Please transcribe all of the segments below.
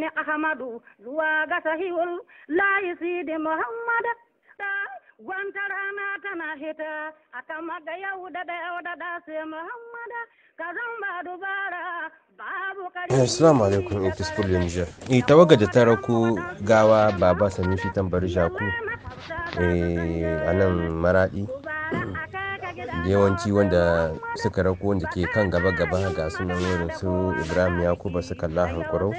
sani ahmadu zuwa ga sahihul layi da muhammad gwanta rana tana hita a kan maga yau da da yau da da sai muhammad ka zan ba dubara babu kare eh, assalamu alaikum in kisfur da nijar eh waga da ta gawa baba shi tambar jaku Eh anan maradi yawanci wanda suka rako wanda ke kan gaba-gaba ga sunan wurin su ibrahim yakuba suka lahan kurau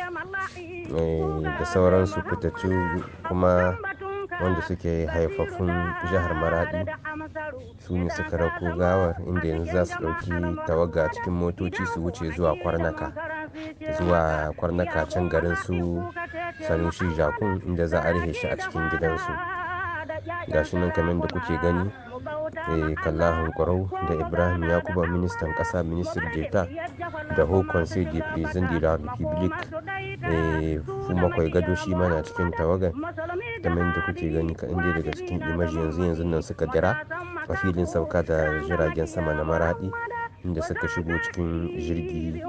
Eh, da sauransu fitattu kuma wanda suke haifafun jihar maradi su ne suka rako gawar inda yanzu za su ɗauki tawaga cikin motoci su wuce zuwa kwarnaka zuwa kwarnaka can garin su sanushi jakun inda za a rihe shi a cikin gidansu gashi nan kamar da kuke gani Eh, kalla hankarau da ibrahim yakuba ministan kasa ministir jeta da hokon sai je da republic eh, makwai gado shi ma na cikin tawagan mai da kuke gani ka inda daga cikin imaji yanzu yanzu nan suka dira a filin sauka da jiragen sama na maradi inda suka shigo cikin jirgi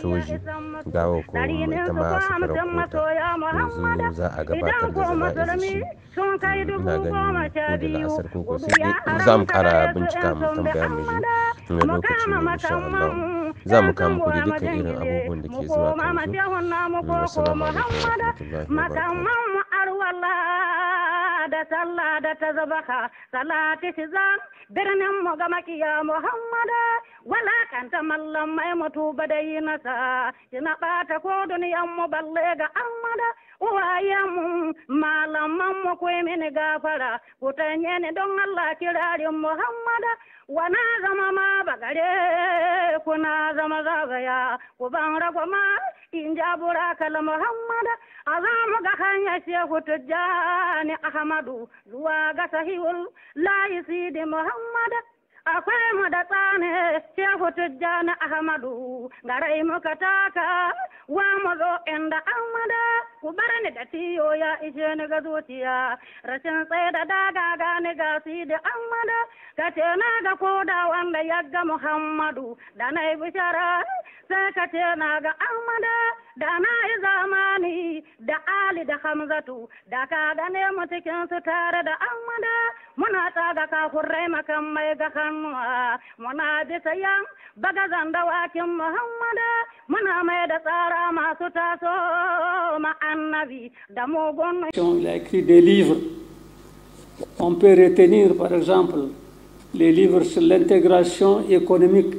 soji gawa kuma ita ma aka rakota yanzu za a gabatar da zana'izi shi mm, ina ganin ko da la'asar koko sai za mu kara bincika mu tambaya mu ji mai lokaci mai insha Allah za mu kama ku dukkan irin abubuwan da ke zuwa kansu mm, assalamu alaikum wa rahmatullahi wa barakatuh da sallah da ta zabaha salati shi zan birnin mu ga makiya muhammada walakanta mallam mai mutu ba da yi nasa shi na ɓata ko duniyan mu balle ga amada o wayamum malam mammo koye mene gafara kota ñene ɗon allah tirari mohammada wona rama ma bagare kona rama zagaya ko ɓanrago ma in jabora kala mohammada azamoga haya sheku to jane ahamadou zuwa gasa hiwol layi siide mohammada akwai mu da tsane shehu tijjani ahmadu garai muka taka wa mu zo inda amada ku bar ni da tiyo ya ishe ni ga zuciya rashin tsaye da daga gani ga si da amada ka ce na ga koda wanda ya ga muhammadu da na yi bishara sai ka ce na ga amada da na yi zamani da ali da hamzatu da ka gane mu cikin su tare da amada muna tsaga kafin rai makan mai ga kan Ah, il a écrit des livres on peut retenir par exemple les livres sur l'intégration économique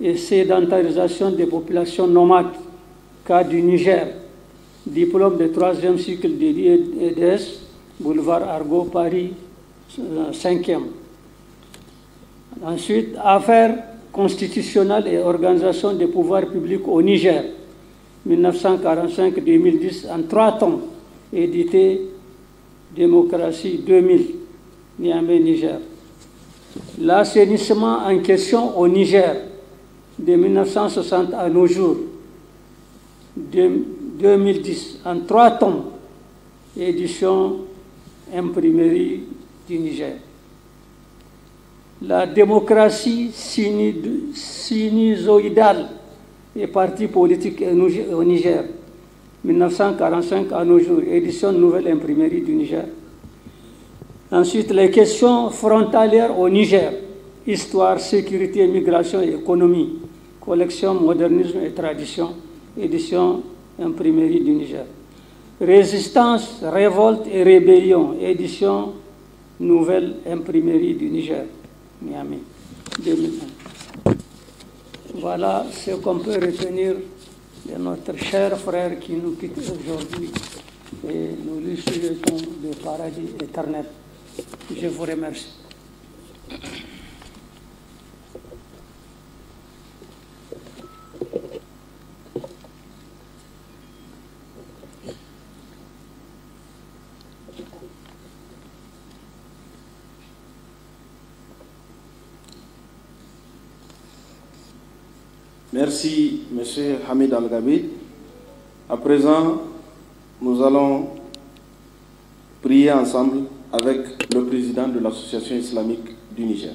et sédentarisation des populations nomades cas du Niger diplôme de troisième cycle de l'IEDS boulevard Argo Paris 5e euh, Ensuite, affaires constitutionnelles et organisation des pouvoirs publics au Niger, 1945-2010, en trois tomes, édité Démocratie 2000, Niamey, Niger. L'assainissement en question au Niger, de 1960 à nos jours, 2010, en trois tomes, édition imprimerie du Niger la démocratie sinusoïdale et parti politique au Niger, 1945 à nos jours, édition Nouvelle Imprimerie du Niger. Ensuite, les questions frontalières au Niger, histoire, sécurité, migration et économie, collection, modernisme et tradition, édition Imprimerie du Niger. Résistance, révolte et rébellion, édition Nouvelle Imprimerie du Niger. Miami Voilà ce qu'on peut retenir de notre cher frère qui nous quitte aujourd'hui et nous lui souhaitons le paradis éternel. Je vous remercie. Merci, Monsieur Hamid Al-Ghabid. À présent, nous allons prier ensemble avec le président de l'Association islamique du Niger.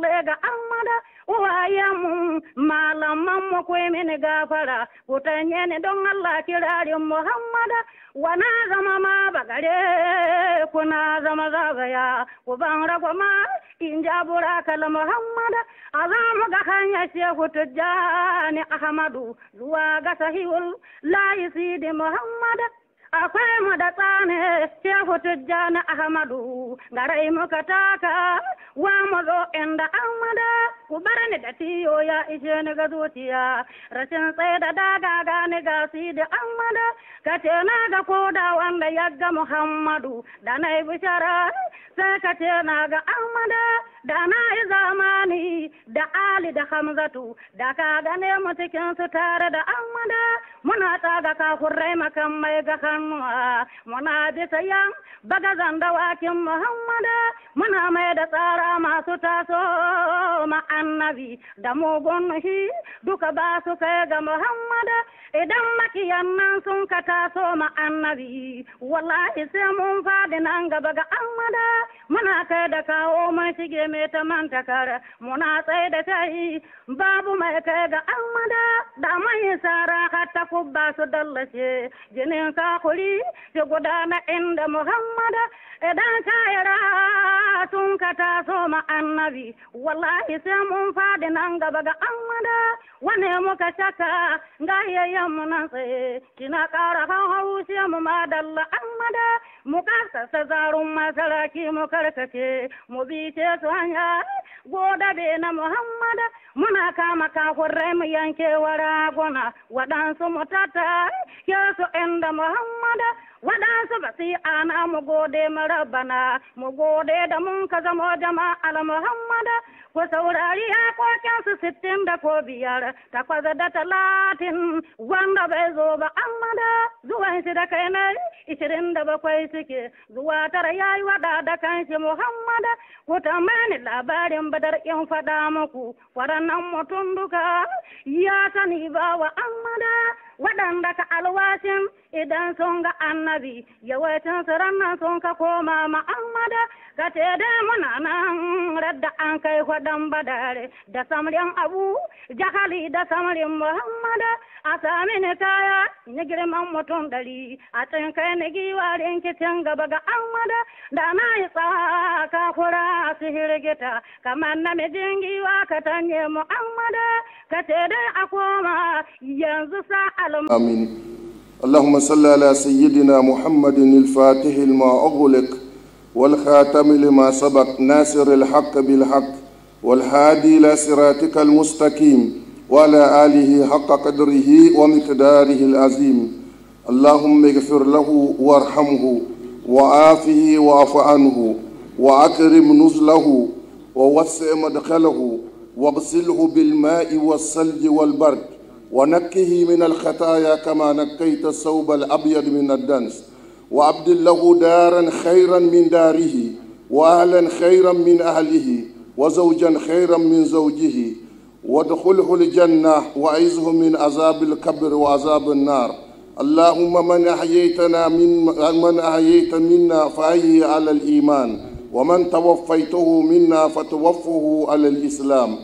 maalam mammo koyemene gafara wotañene ɗon allah tiraari mouhammada wona rama mabagare kona rama zagaya ko banrako ma injabora kala mouhammada azamoga haña seeko to jaani ahamadou zuwa gasahiwol laayi siide mouhammada akwai mu da tsane shehu tijjani ahmadu garai muka taka wa mu zo inda amada ku bar ni da tiyo ya ishe ni ga zuciya rashin tsaye da daga gani ga si da amada ka ce na ga koda wanda ya ga muhammadu da na yi bishara sai ka ce na ga amada da na yi zamani da ali da hamzatu da ka gane mu cikin su tare da amada muna tsaga ka kurrai makan mai ga kan muna ah, ji sayan bagazan dawakin Muhammad muna mai da tsara masu taso ma'annabi da mugun shi duka ba su kai ga Muhammad e idan makiyan nan sun ka taso ma'annabi wallahi sai mun faɗi nan gaba ga Muhammad muna kai da kawo mun shige mai ta mantakar muna tsaye da kai babu mai kai ga Muhammad da mai sara hatta kubba su dallace jinin ka ku hakuri ya enda Muhammad, muhammada idan ka yara tun ka taso ma annabi wallahi sai mun fadi nan gaba ga amada wane muka shaka gayayyan mu nan tsaye kina kara kan hausi mu madalla amada mu kasasa zarun masaraki mu karkace mu bi ce su hanya goda be na muhammada muna kama kakurai mu yanke wa raguna waɗansu mu tata su inda muhammada mada waɗansu ba su ana mu gode mu rabana mu gode da mun ka zama jama'al muhammada ku saurari su sittin da ko biyar takwas da talatin wanda bai zo ba amma da zuwan shi da kai na ishirin da bakwai suke zuwa tara ya yi wada da kanshi muhammada ku tamani labarin badar in faɗa muku waɗannan mutum duka ya sani ba wa amma da waɗanda ka alwashin idan sun ga annabi yawancin saran sun ka koma ma'amada ka ce dai muna nan radda an kai dan badare da samrin abu jahali da samrin muhammada a sami ne kaya ni girman mutum dari a cin kai ni giwarin kicin gaba ga amada da na yi tsaka kura su hirgita kamar namijin giwa ka tanye muhammada ka ce dai a koma yanzu sa'almu. amin اللهم صل على سيدنا محمد الفاتح لما والخاتم لما سبق ناصر الحق بالحق والهادي إلى صراطك المستقيم وعلى آله حق قدره ومقداره العظيم اللهم اغفر له وارحمه وعافه واعف عنه وأكرم نزله ووسع مدخله واغسله بالماء والثلج والبرد ونكه من الخطايا كما نكيت الثوب الأبيض من الدنس وأبدل له دارا خيرا من داره وأهلا خيرا من أهله وزوجا خيرا من زوجه وادخله الجنة وأعزه من عذاب الكبر وعذاب النار اللهم من أحييتنا من من أحييت منا فأحيي على الإيمان ومن توفيته منا فتوفه على الإسلام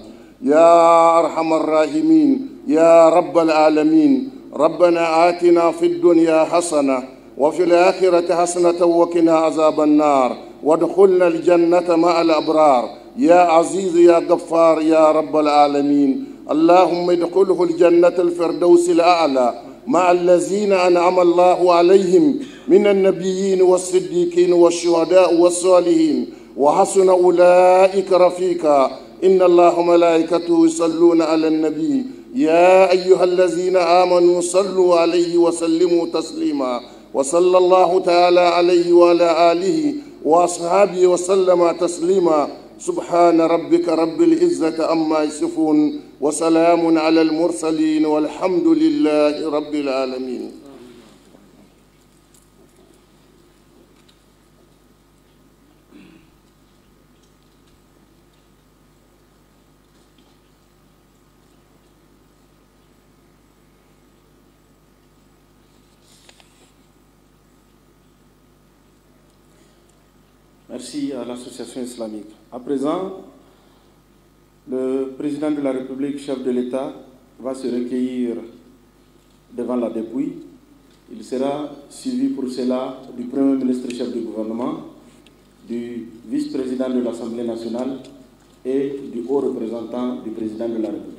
يا أرحم الراحمين يا رب العالمين ربنا آتنا في الدنيا حسنة وفي الآخرة حسنة وقنا عذاب النار وادخلنا الجنة مع الأبرار يا عزيز يا غفار يا رب العالمين اللهم ادخله الجنة الفردوس الأعلى مع الذين أنعم الله عليهم من النبيين والصديقين والشهداء والصالحين وحسن أولئك رفيقا إن الله ملائكته يصلون على النبي يا أيها الذين آمنوا صلوا عليه وسلموا تسليما وصلى الله تعالى عليه وعلى آله وأصحابه وسلم تسليما سبحان ربك رب العزة أما يصفون وسلام على المرسلين والحمد لله رب العالمين Merci à l'association islamique. À présent, le président de la République, chef de l'État, va se recueillir devant la dépouille. Il sera suivi pour cela du Premier ministre chef du gouvernement, du vice-président de l'Assemblée nationale et du haut représentant du président de la République.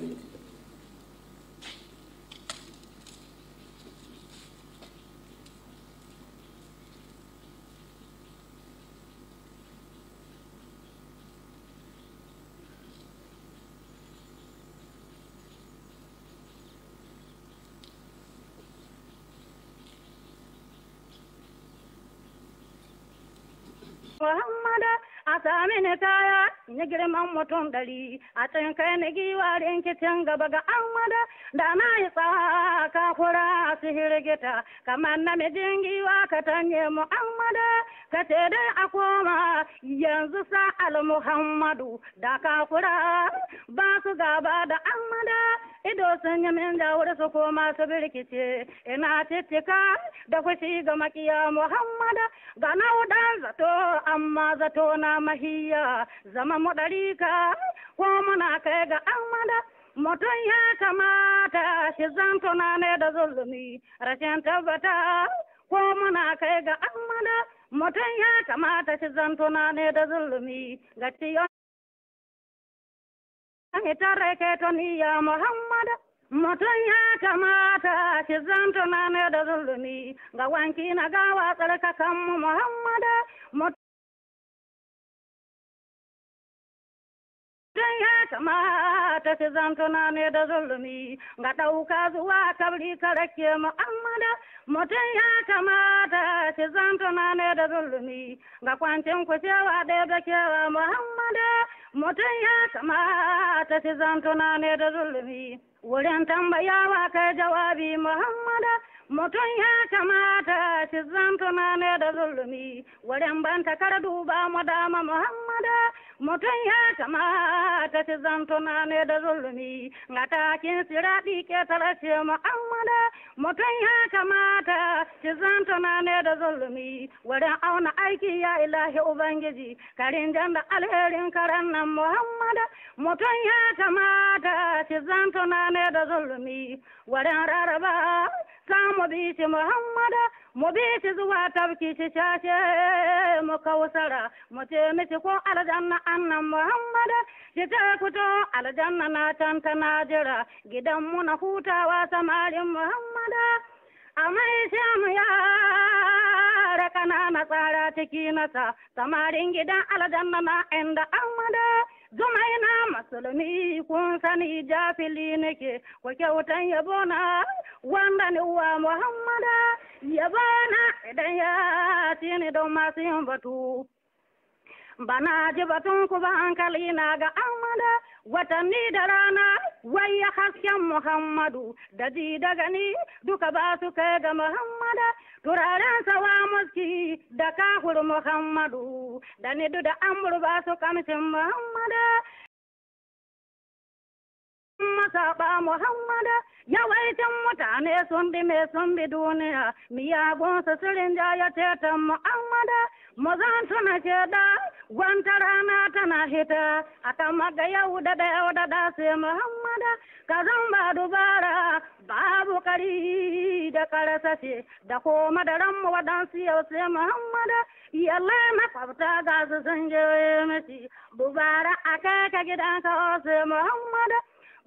من تايا ne girman mutum ɗari a can kai na ɗin kicin gaba ga amada da na yi tsaka kura su hirgita kamar mijin giwa ka tanye mu'ammada ka ce dai a koma yanzu al muhammadu da ka kura ba su gaba da amada ido sun yi min jawar su koma su birkice ina cicika da kushi ga makiya muhammada ga naudan zato amma zato na mahiya zama mo ɗarika ko mona kayga ya kamata shi zantonane da zulumi rashin tabbata ko muna kai ga ya kamata shi zantonane da zulumi ga ciyon hitare ke toniya muhammada mutum ya kamata shi zantonane da zulumi ga wanki na gawa tsarkakan mu Muhammad. tun ya kamata ki zan ne da zulumi ga ɗauka zuwa kabri ka rake mu'ammada mutum ya kamata ki zan ne da zulumi ga kwancin ku cewa ɗaya da kewa muhammada mutum ya kamata ta zan ne da zulumi Wurin tambayawa kai jawabi Muhammada mutum ya kamata shi zan ne da zulumi wurin ban takardu duba mu dama Muhammada mutum ya kamata shi zan ne da zulumi ga takin siraɗi ke tarashe Muhammada mutum ya kamata shi zan tunane da zulumi wurin auna aiki ya ilahi Ubangiji karin jan da alherin karan nan Muhammada mutum ya kamata shi zan ne ne da zulumi warin raraba za mu bi shi muhammada mu bi shi zuwa tafki shi shashe mu kausara mu ce mishi ko aljanna annan muhammada shi ta fito aljanna na can jira gidan mu na hutawa samarin muhammada a mai shamu yara na tsara ciki nasa samarin gidan aljanna na inda amada. Jumai na musulmi kun sani jafili nake Ko kyautan yabona wanda ni wa Muhammada yabona idan ya tini don masu yin batu. Bana ji batun ku ba hankali na ga amada. watanidarana waya hasyan muhammadu dadidagani dukabasukega muhammada turaren sawamuski dakahur muhammadu daniduda amburbasu kamsin muhammada masaɓa muhammada yawaitin mutane sumbi me sumbi duniya miyagunsu sirinjaya tetan muhammada mozantuna kedaa Gwanta rana tana hita a kama da yau da da yau da da sai Muhammada ka zan ba dubara babu kari da karasashe da ko da mu waɗansu yau sai Muhammada yalle kwabta ga su sun je mashi dubara a kai ka gidanka oh, sai Muhammada.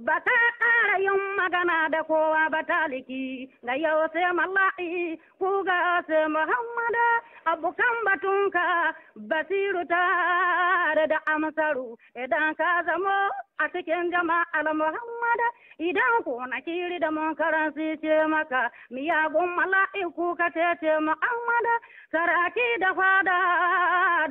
ba ta ƙara yin magana da kowa ba ta liki ga yau sai mallaki ku ga sai muhammada abokan batunka basiru tare da amsaru idan ka zamo a cikin jama'ar muhammada idan ku na kiri da munkaran su ce maka miyagun ku ka ce muhammada saraki da fada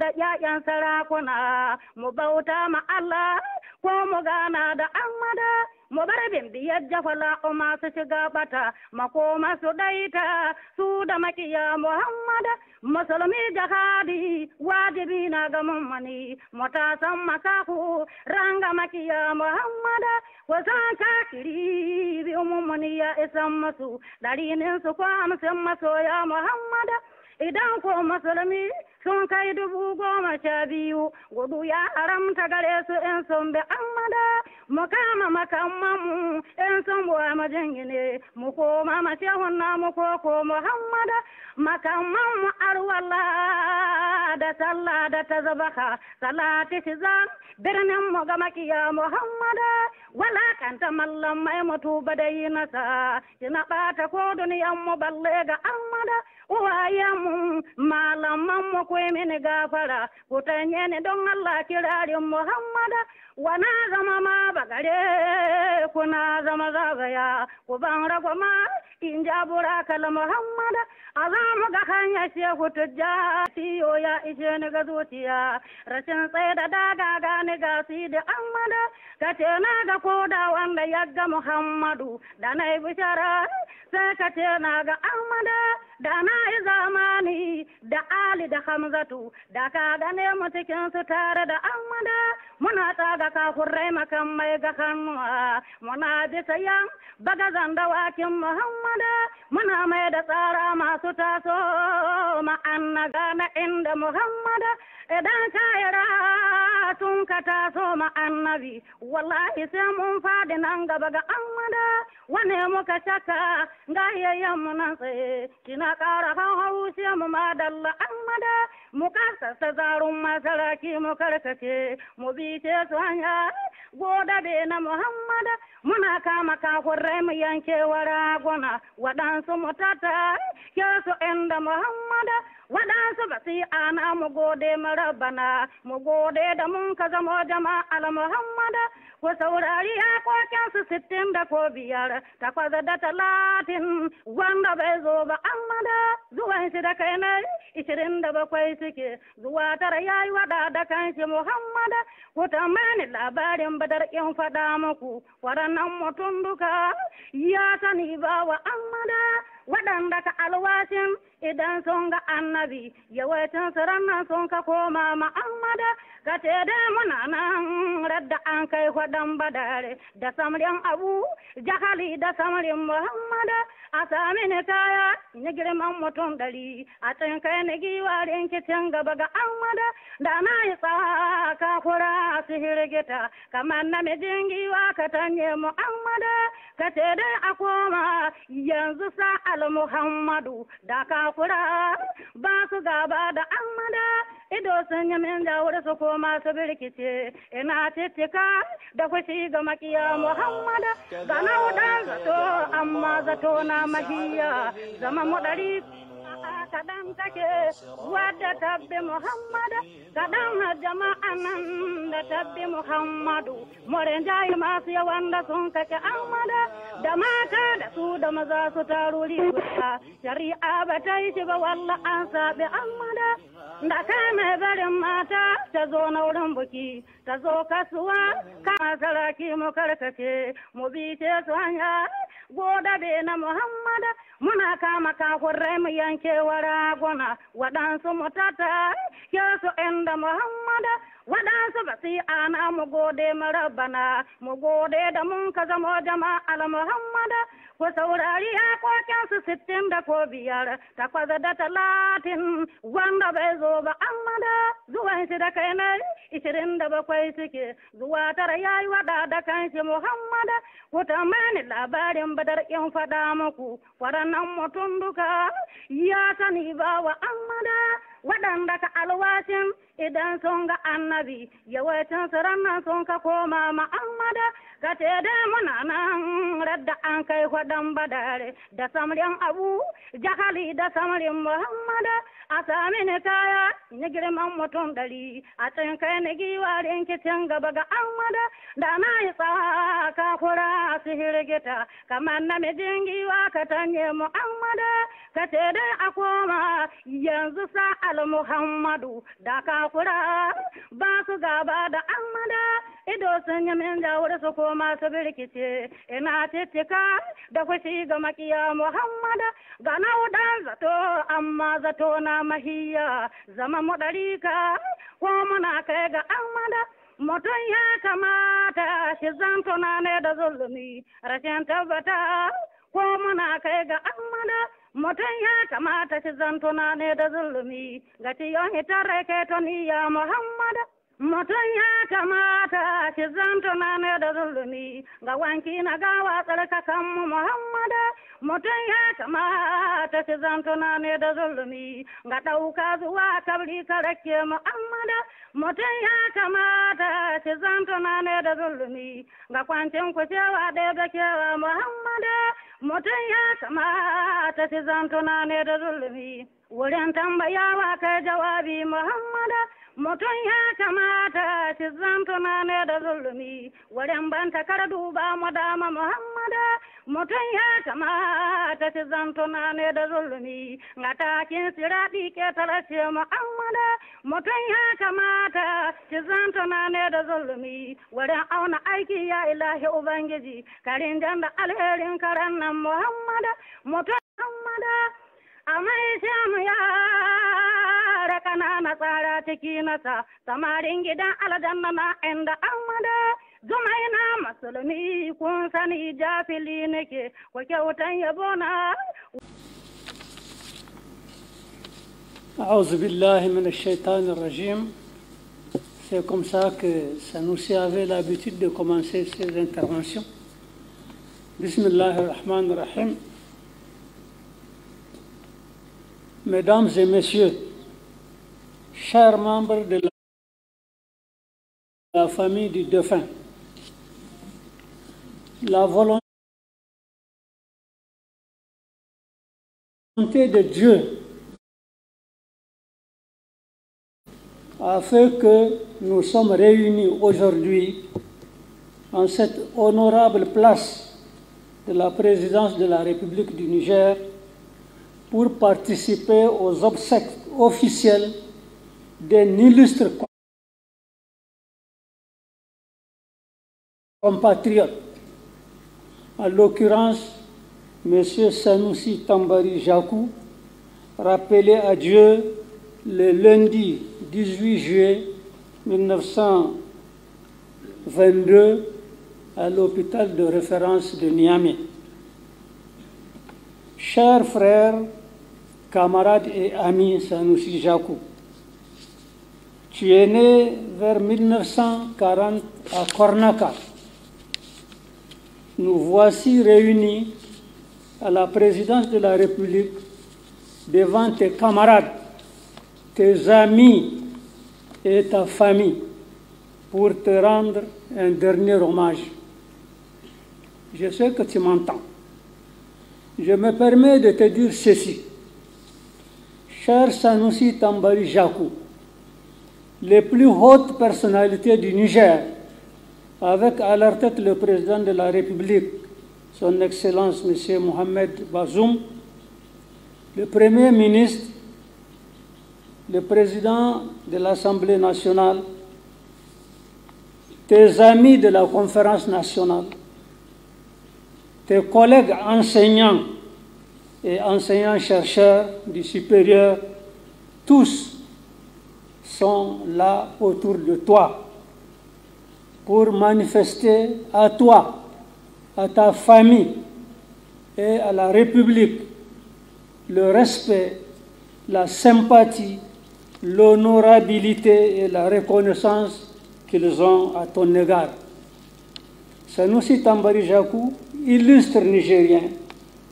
da yayan sarakuna mu bauta ma Allah gana da amada mubarbin biyar jafala masu shiga bata makoma su daita su da makiya muhammada musulmi jihadi wajibi na ga mummani matasan masaku ranga makiya muhammada wasan kakiri bi mummani ya isan masu muhammada idan ko musulmi sun kai dubu goma sha biyu gudu ya haramta gare su in sun bi amada mu kama mamu in sun buwa gine mu koma mashehun namu ko ko muhammada makan mamu arwala da sallah da ta zabaka salati shi zan birnin mu ga makiya muhammada wala kanta mallan mai mutu ba da yi nasa kina bata ko duniyan mu balle ga amada uwayamun malaman mu ku mini gafara kutanye ni don Allah kirarin Muhammada wana zama ma bagare kuna zama zagaya ku ban ma in kala Muhammada a za mu ga hanyar ya ishe ni ga zuciya rashin daga gani ga si da Ahmada ka ce na ga koda wanda ya ga Muhammadu da na yi bishara sai ka ce ga Ahmada da yi zamani da Ali da Hamzatu da ka gane mu cikin su tare da amada muna tsaga kafurai makan mai ga hannuwa muna bisa yan zanda dawakin Muhammada muna mai da tsara masu taso ma'anna gane inda Muhammada idan ka yi tun ka taso ma'annabi wallahi sai mun fadi nan gaba ga an da wane muka saka ga yayyan mu nan tsaye kina ƙara kan hausa mu madalla an mada mukasa ta zarun ki mu karkace mu bi goda be na muhammada muna kama kafurai mu yanke wa raguna waɗansu mu tata ke su inda muhammada waɗansu ba su ana mu gode mu rabbana mu gode da mun ka zama jama'al muhammada ku saurari hakokin su sittin da ko biyar takwas da talatin wanda bai zo ba amma da zuwan shi da kai na ishirin da bakwai suke zuwa tara ya yi wada da kanshi muhammad ku mani labarin badar in faɗa muku waɗannan mutum duka ya sani ba wa amada waɗanda ka alwashin idan sun ga annabi yawancin siran nan sun ka koma ma'amada ka ce da muna nan radda an kai hudun badare da samrin abu jahali da samrin muhammada a sami ni kaya ni girman mutum ɗari a cin kai ni giwarin kicin gaba ga amada da na yi tsaka kura su hirgita kamar namijin giwa ka tanye muhammada ka ce dai a koma yanzu sa'a al muhammadu da kafura ba su gaba da amada ido sun yi min jawar su koma su birkice ina tittika da fushi ga makiya muhammada ga naudan zato amma zato na mahiya zama mu dari kaɗan take wadda tabbe mohammad kaɗan ha jama ananda tabbe mohammadu more jayi masiya wanda son kake ahmada damaka da sudama za su taruri sharia ba tayi ciba walla an saɓe ahmada da kai mai barin mata ta zo na wurin buki ta zo kasuwa kama saraki mu karkace mu bi ce su hanya goda be na muhammada muna kama kakurai mu yanke wa raguna waɗansu mutata inda muhammada waɗansu ba su ana mu gode bana mu gode da mun ka zama jama'al muhammada ku saurari yakokin su sittin da ko biyar takwas da talatin wanda bai zo ba amma da zuwan shi da kai na ishirin da bakwai suke zuwa tara ya yi waɗa da kan shi muhammada ku tamani labarin badar in faɗa muku waɗannan mutum duka ya sani ba wa amma waɗanda ka alwashin idan sun ga annabi yawaitin siran nan sun ka koma ma'amada ka te da muna nan radda an kai kwadon badare da samrin abu jahali da samrin muhammada a sami ni kaya ni girman mutum dari a cin kai ni giwa rinkicin gaba ga amada da na yi tsaka kura su hirgita kamar namijin giwa ka tanye muhammada ka ce dai a koma yanzu sa'al muhammadu da ka kura ba su gaba da amada ido sun yi min jawar su koma su birkice ina titika da kushi ga makiya muhammada ga naudan zato amma zato na mahiya zama mu ɗarika ko muna kai ga amada mutum ya kamata shi zan tunane da zulumi rashin tabbata ko muna kai ga amada moten yaka mataki zantonanede zullumi gati yohitareke ton iya muhammada mutum ya kamata zanto na ne da zulumi ga wanki na gawa tsarkakan mu muhammada mutum ya kamata zanto na ne da zulumi ga ɗauka zuwa kabri karake muhammada mutum ya kamata zanto na ne da zulumi ga kwancin kucewa ɗaya da kewa muhammada mutum ya kamata zanto na ne da zulumi wurin tambayawa kai jawabi muhammada mutum ya kamata mata ci zantuna ne da zulumi wurin ban takar duba madama muhammada mutum ya kamata ci zantuna ne da zulumi ga takin siraɗi ke tarashe muhammada mutum ya kamata ci zantuna ne da zulumi wurin auna aiki ya ilahi ubangiji karin jan da alherin karannan nan muhammada mutum muhammada a mai shamu ya yara ƙanana tsara tiki nasa samarin gidan aljanna na inda amada zumai na musulmi kun sani jafili nake ko kyautan yabo na أعوذ بالله من الشيطان الرجيم C'est comme ça que ça nous avait l'habitude de commencer ces interventions. Bismillah ar-Rahman ar-Rahim. Mesdames et messieurs, chers membres de la famille du défunt, la volonté de Dieu a fait que nous sommes réunis aujourd'hui en cette honorable place de la présidence de la République du Niger pour participer aux obsèques officielles d'un illustre compatriote, en l'occurrence M. Sanoussi Tambari Jakou, rappelé à Dieu le lundi 18 juillet 1922 à l'hôpital de référence de Niamey. Chers frères, camarades et amis Sanoussi Jakou, tu es né vers 1940 à Cornaca. Nous voici réunis à la présidence de la République devant tes camarades, tes amis et ta famille pour te rendre un dernier hommage. Je sais que tu m'entends. Je me permets de te dire ceci. Cher Sanusi Tambari Jakou, les plus hautes personnalités du Niger, avec à leur tête le président de la République, son Excellence M. Mohamed Bazoum, le Premier ministre, le président de l'Assemblée nationale, tes amis de la conférence nationale, tes collègues enseignants et enseignants-chercheurs du supérieur, tous sont là autour de toi pour manifester à toi, à ta famille et à la République le respect, la sympathie, l'honorabilité et la reconnaissance qu'ils ont à ton égard. Sanoussi Tambari Jakou, illustre Nigérien,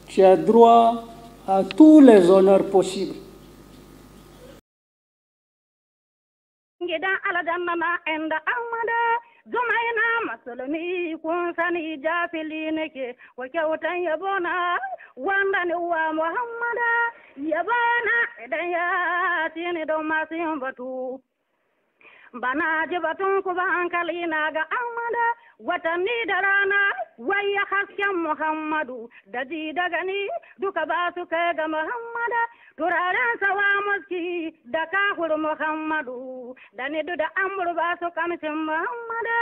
tu as droit à tous les honneurs possibles gidan aladan mama enda amada zuma na musulmi kun sani jafili nake wa kyautan yabo na wanda ni wa muhammada yabona na idan ya tini don masu yin batu bana ji batun ku ba hankali na ga amada watanni da rana waya hakkam mohammadu dadi dagani duka basukega mohammada turaren sawamoski daka hur mohammadu dani duda amburu basukamsin mohammada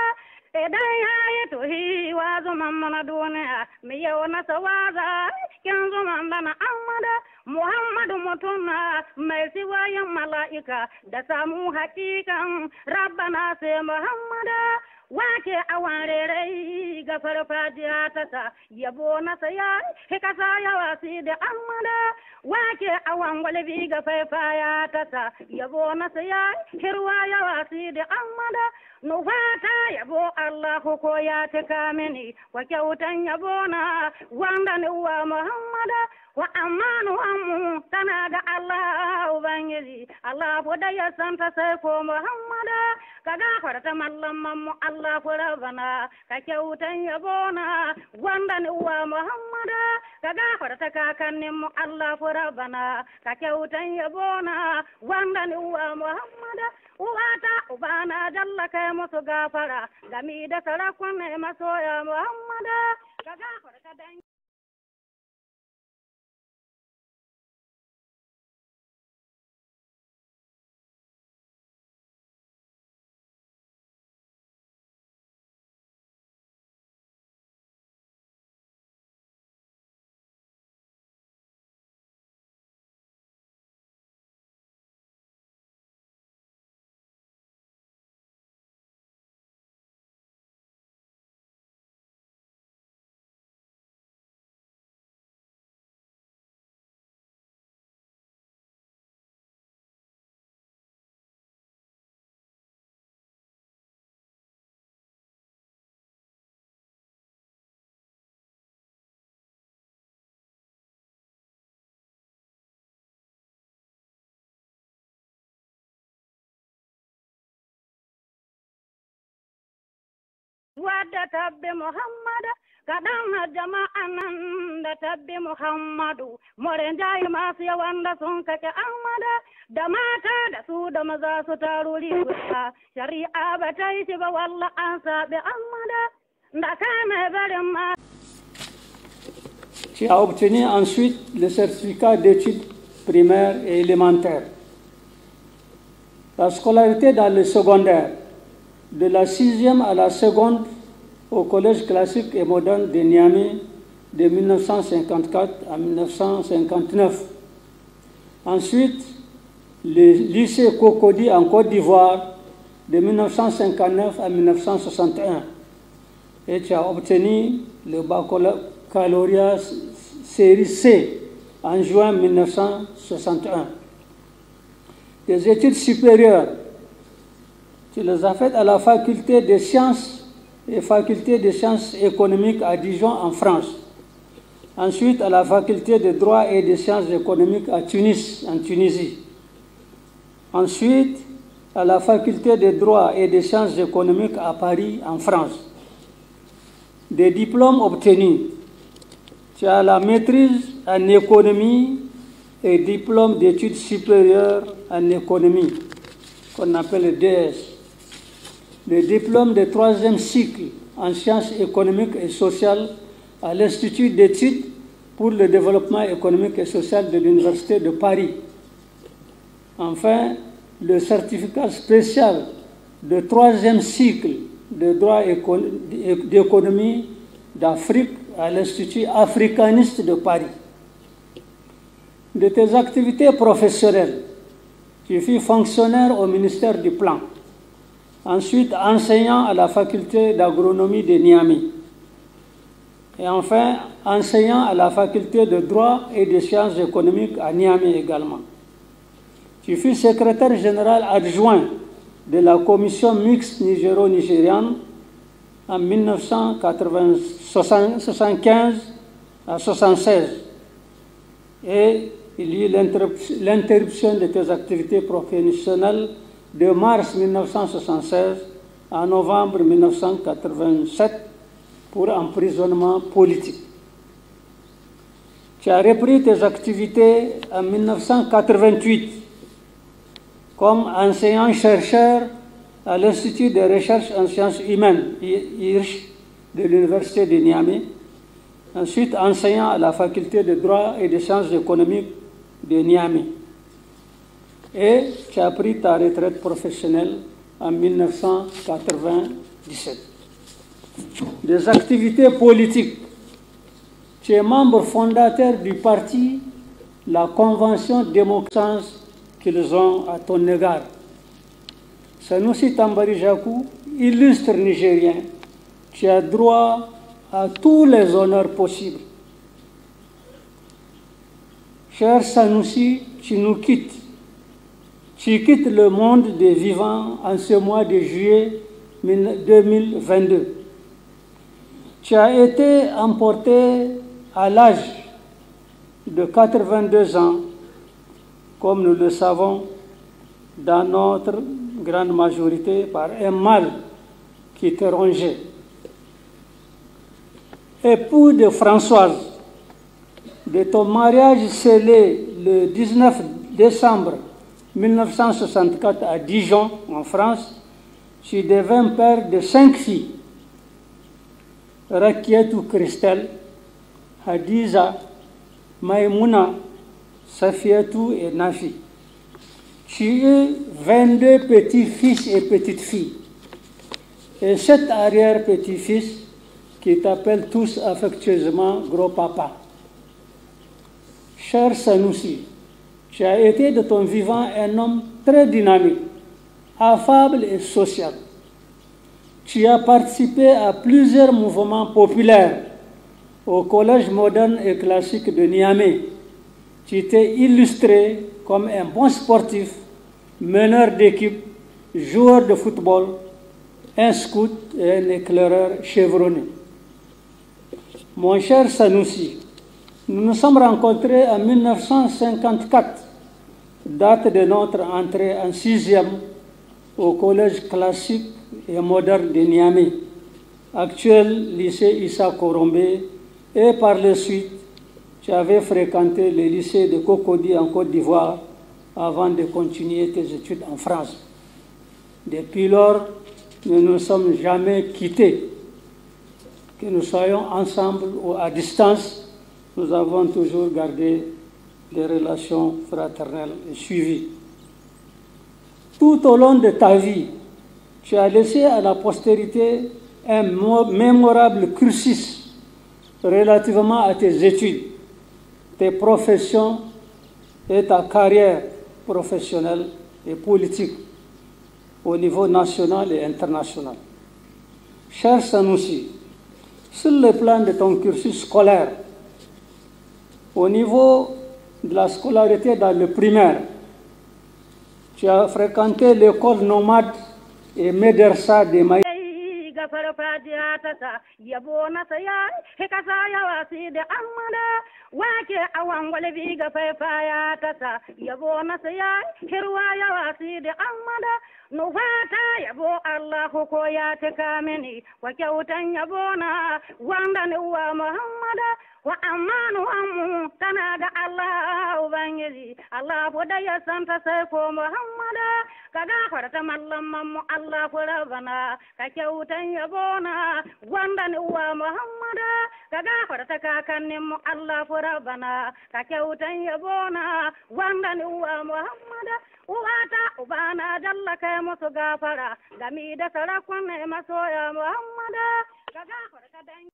eɗan yayi to hi waso mammana duniya mi yewna sawasa kenzo mandana ammada muhammadu motunna maysi wayan malaika dasamu haqiqan rabbana se mohammada wake a rai ga farfajiya ta sa yabo na saya kasa ya wasi da amana wake a wangwalbi ga faifaya ta sa yabo na saya hirwa ya wasi da amana wata yabo Allah ko ya ta mini wa kyautan yabo na wanda ni wa Muhammada wa amanu amu tana da Allah Ubangiji Allah ko da ya santa sai ko Muhammadu. ka gafarta mallaman mu Allah ku rabana ka kyautan yabona wanda ni uwa Muhammadu. ka gafarta kakannin mu Allah ku rabana ka kyautan yabona wanda ni uwa Muhammadu. uwata ubana jalla kai musu gafara gami da sarakun ne masoya Muhammadu. ka ta dan wadda tabbe muhammada Ananda ha jama'a nan da tabbi muhammadu more jayi masu yawan da sun kake ahmada da mata da su da maza su ba walla da obtenu ensuite le certificat d'études primaires et élémentaires. La scolarité dans le secondaire de la sixième à la seconde au Collège classique et moderne de Niamey de 1954 à 1959. Ensuite, le lycée Cocody en Côte d'Ivoire de 1959 à 1961 et tu as obtenu le baccalauréat série C en juin 1961. Des études supérieures tu les as faites à la faculté des sciences et faculté des sciences économiques à Dijon en France. Ensuite à la faculté de droit et des sciences économiques à Tunis, en Tunisie. Ensuite à la faculté de droit et des sciences économiques à Paris, en France. Des diplômes obtenus. Tu as la maîtrise en économie et diplôme d'études supérieures en économie, qu'on appelle le DS le diplôme de troisième cycle en sciences économiques et sociales à l'Institut d'études pour le développement économique et social de l'Université de Paris. Enfin, le certificat spécial de troisième cycle de droit d'économie d'Afrique à l'Institut africaniste de Paris. De tes activités professionnelles, tu fus fonctionnaire au ministère du Plan ensuite enseignant à la faculté d'agronomie de Niamey, et enfin enseignant à la faculté de droit et de sciences économiques à Niamey également. Tu fus secrétaire général adjoint de la commission mixte nigéro nigérienne en 1975 à 1976. et il y eut l'interruption de tes activités professionnelles de mars 1976 à novembre 1987 pour emprisonnement politique. Tu as repris tes activités en 1988 comme enseignant-chercheur à l'Institut de recherche en sciences humaines, de l'Université de Niamey, ensuite enseignant à la faculté de droit et de sciences économiques de Niamey et tu as pris ta retraite professionnelle en 1997. Des activités politiques. Tu es membre fondateur du parti La Convention démocrate qu'ils ont à ton égard. Sanoussi Tambari illustre Nigérien, tu as droit à tous les honneurs possibles. Cher Sanusi, tu nous quittes tu quittes le monde des vivants en ce mois de juillet 2022. Tu as été emporté à l'âge de 82 ans, comme nous le savons, dans notre grande majorité, par un mal qui te rongeait. Époux de Françoise, de ton mariage scellé le 19 décembre 1964 à Dijon, en France, je devins père de cinq filles. Rakietou Christelle, Hadiza, Maïmouna, Safietou et Nafi. Tu eu 22 petits-fils et petites-filles. Et sept arrière-petits-fils qui t'appellent tous affectueusement gros-papa. Cher Sanoussi, tu as été de ton vivant un homme très dynamique, affable et social. Tu as participé à plusieurs mouvements populaires au Collège moderne et classique de Niamey. Tu t'es illustré comme un bon sportif, meneur d'équipe, joueur de football, un scout et un éclaireur chevronné. Mon cher Sanoussi, nous nous sommes rencontrés en 1954 date de notre entrée en sixième au collège classique et moderne de Niamey, actuel lycée Issa Korombe, et par la suite, j'avais fréquenté le lycée de Cocody en Côte d'Ivoire avant de continuer tes études en France. Depuis lors, nous ne nous sommes jamais quittés. Que nous soyons ensemble ou à distance, nous avons toujours gardé des relations fraternelles et suivies. Tout au long de ta vie, tu as laissé à la postérité un mémorable cursus relativement à tes études, tes professions et ta carrière professionnelle et politique au niveau national et international. Cher Sanoussi, sur le plan de ton cursus scolaire, au niveau de la scolarité dans le primaire. Tu as fréquenté l'école nomade et médersa de Maïs. wa amanu amu kana da Allah ubangiji Allah ko da ya santa sai ko Muhammada ka ga gafarta mallaman mu Allah ku rabana ka kyautan bona wanda ni uwa Muhammad ka ga gafarta kakannin mu Allah ku rabana ka kyautan bona wanda ni uwa Muhammada uwata ubana jalla kai musu gafara gami da sarakun ne masoya Muhammad ka ga gafarta dan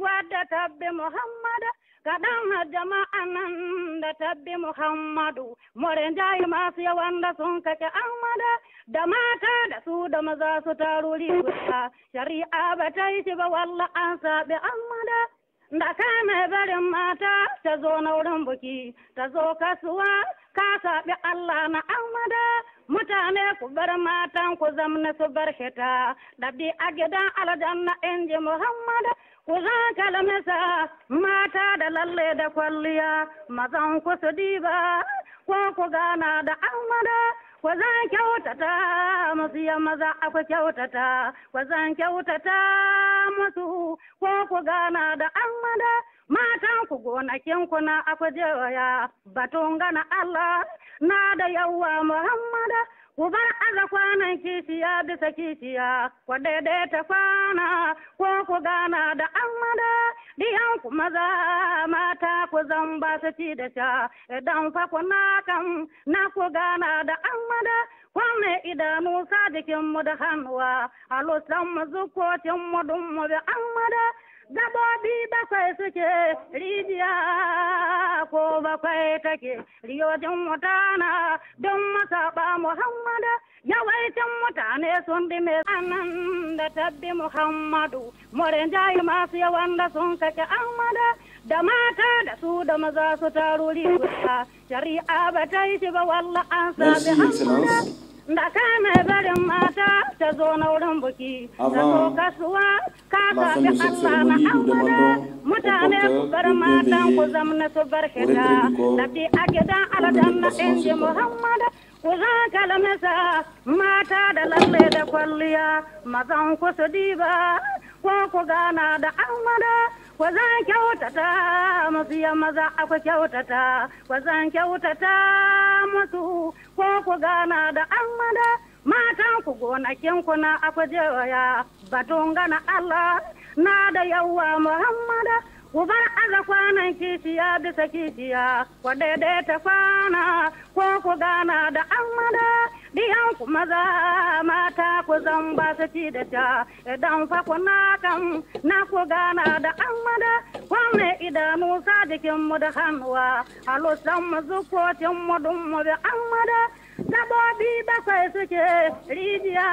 waddatabbe mohammada gaɗan ha jama ananda tabbe mohammadu more jayi masiya wanda sonkake ahmada damataɗa suudama zaso taruliwea sharia ɓataysiba walla ansaɓe ahmada ndakanebere mata ta zonawrumboki ta zo kasuwa kasaɓe allah na ahmada mutane ko ɓere matan ko zamne so barketa ɗaɓi agedan alajanna enje mohammada Ku zan kalmisa mata da lalle da kwalliya, mazan ku su diba, ko ku gana da amada, ku zan kyautata musu ya maza aku kyautata, ku zan kyautata musu ko ku gana da amada. Mata ku gonakin ku na aku jewaya batun gana Allah na da yawa Muhammada. Ku bar aza kwanan kishiya bisa kishiya, ku daidaita kwana, ko ku gana da amada, diyan ku maza mata ku zan ba su ci da sha, idan fa ku na kan na ku gana da amada, kwanne idanu sa jikinmu da hannuwa, a lusan mu da mu dun mu bi amada. gabobi bakwai suke rijiya ko bakwai take riyojin mutana don masaba muhammada yawaitin mutane sun bi mai sanan da tabbi muhammadu more jayi masu yawan da sun kake amada da mata da su da maza su taruri guda shari'a ba ta yi shi ba walla an sami hamada Baka mai barin mata ta zo na wurin buki, ta zo kasuwa, ka zaɓi Allah Muhammadu, mutane ku bar matan ku zamna su bar hita, tafi a gidan aljanna in ji Muhammadu. Ku za kalmisa mata da lalle da kwalliya, mazan ku su diba, ko ku gana da Ahmadu. zan kyautata masu ya maza aku kyautata wazan kyautata musu ko ku gana da amada matan ku gonakin ku na aku jewaya batun gana Allah na da yawa Muhammada Ku bar aza kwanan kishiya bisa kishiya, ku daidaita kwana ko ku gana da amada, diyan ku maza mata ku zan ba su ci da ta, idan fa ku na kan na ku gana da amada, kwanne idanu sa mu da hannuwa, halusan mu zukocin mu dun mu bi amada. gabobi bakwai suke rijiya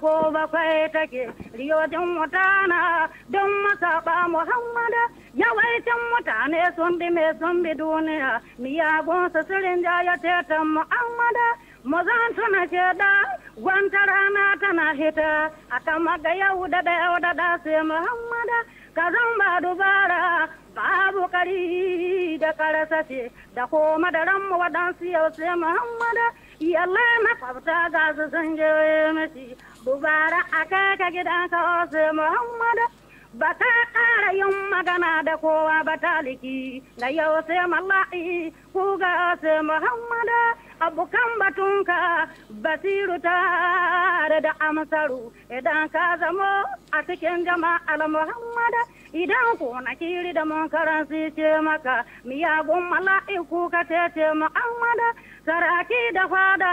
ko bakwai take riyojin mutana don makaɓa muhammada yawancin mutane sun bi mai sun bi duniya miyagun su sirin jaya tetan muhammada mazan suna ce da gwanta rana tana hita a kan maga yau da da yau da da sai muhammada ka zan ba dubara babu kari da karasa ce da ko madaran mu waɗansu yau sai muhammada yalle kwabta ga su sun je mashi dubara a kai ka gidanka sai muhammada ba ta ƙara yin magana da kowa ba liki da yau sai mallaki, ku ga sai muhammada abokan batunka basiru ta da amsaru idan ka zamo a cikin jama'al muhammada idan ku na kiri da munkaran ce maka miyagun mala'iku ka ce muhammada sarakiida faada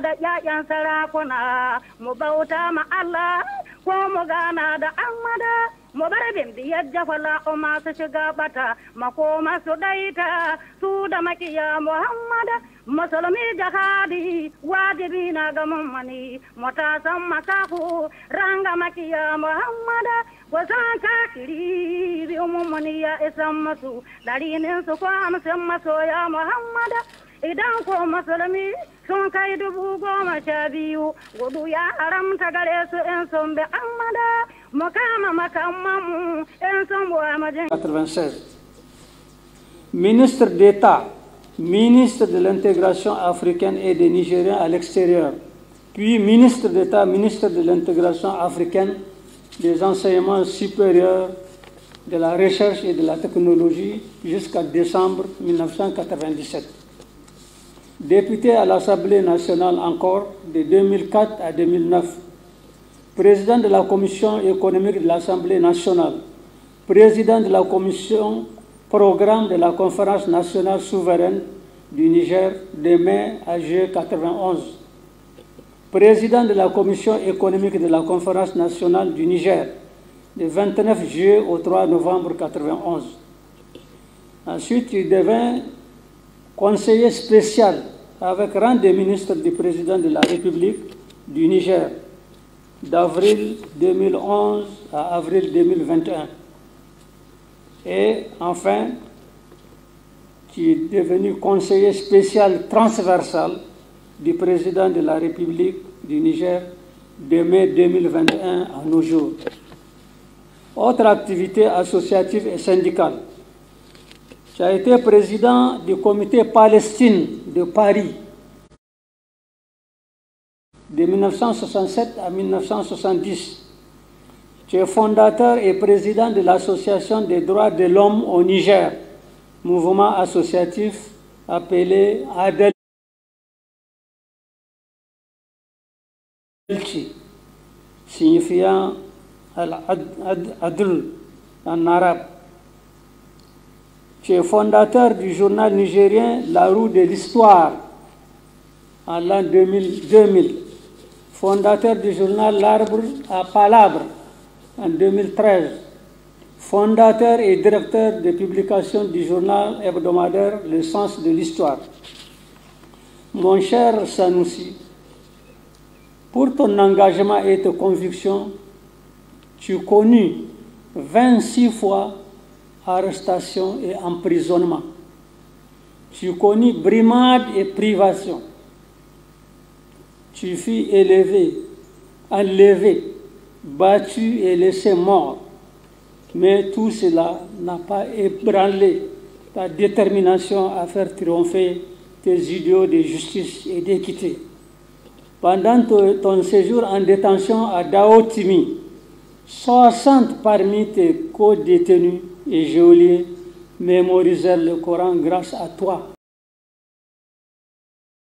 da ƴaƴan sarakona mo ɓawtama allah ko mo ganada ammada mo ɓara ɓemdi yajja fala o masasi gaɓata makoma so ɗayta suuda makiya mohammada mo solomija haadi waade binaga mommani mo tasamma sahu ranga makiya mohammada ko sankakiri wi mommaniya e sammasu ɗarinen so faam semmasoya mohammada Et Ministre d'État, ministre de l'intégration africaine et des Nigériens à l'extérieur, puis ministre d'État, ministre de l'intégration africaine, des enseignements supérieurs, de la recherche et de la technologie jusqu'à décembre 1997 député à l'Assemblée nationale encore de 2004 à 2009, président de la Commission économique de l'Assemblée nationale, président de la Commission programme de la Conférence nationale souveraine du Niger de mai à juillet 91, président de la Commission économique de la Conférence nationale du Niger de 29 juillet au 3 novembre 91. Ensuite, il devint conseiller spécial avec rang des ministres du président de la République du Niger d'avril 2011 à avril 2021. Et enfin, qui est devenu conseiller spécial transversal du président de la République du Niger de mai 2021 à nos jours. Autre activité associative et syndicale. Tu a été président du comité Palestine de Paris de 1967 à 1970. Tu es fondateur et président de l'Association des droits de l'homme au Niger, mouvement associatif appelé ADEL. signifiant al en arabe fondateur du journal nigérien La Roue de l'Histoire en l'an 2000, fondateur du journal L'Arbre à Palabre en 2013, fondateur et directeur de publication du journal hebdomadaire Le Sens de l'Histoire. Mon cher Sanoussi, pour ton engagement et tes convictions, tu connu 26 fois arrestation et emprisonnement. Tu connus brimade et privation. Tu fus élevé, enlevé, battu et laissé mort. Mais tout cela n'a pas ébranlé ta détermination à faire triompher tes idéaux de justice et d'équité. Pendant ton séjour en détention à Daotimi, 60 parmi tes co-détenus et je voulais mémoriser le Coran grâce à toi.